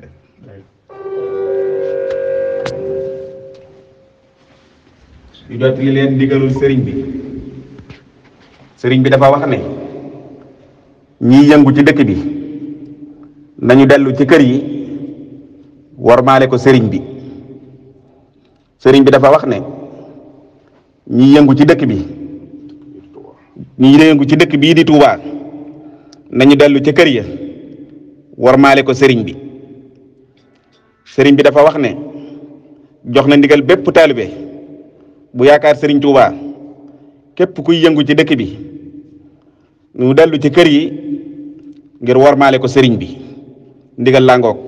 deh. Baik. ñu jotali leen digalul sëriñ bi sëriñ kan, bi dafa wax ne ñi yëngu ci dëkk bi nañu dellu ci kër yi warmaale ko sëriñ bi sëriñ bi dafa wax ne ñi yëngu ci dëkk bi ñi yëngu ci dëkk bi di Touba nañu dellu ci kër ya warmaale ko sëriñ bi sëriñ bi dafa wax ne jox na ndigal bépp taalibe bu yaakaar sëriñ Touba képp kuy yëngu ci dëkk bi nu dellu ci kër yi ngir wormaale ko sëriñ bi ndigal laa ngoog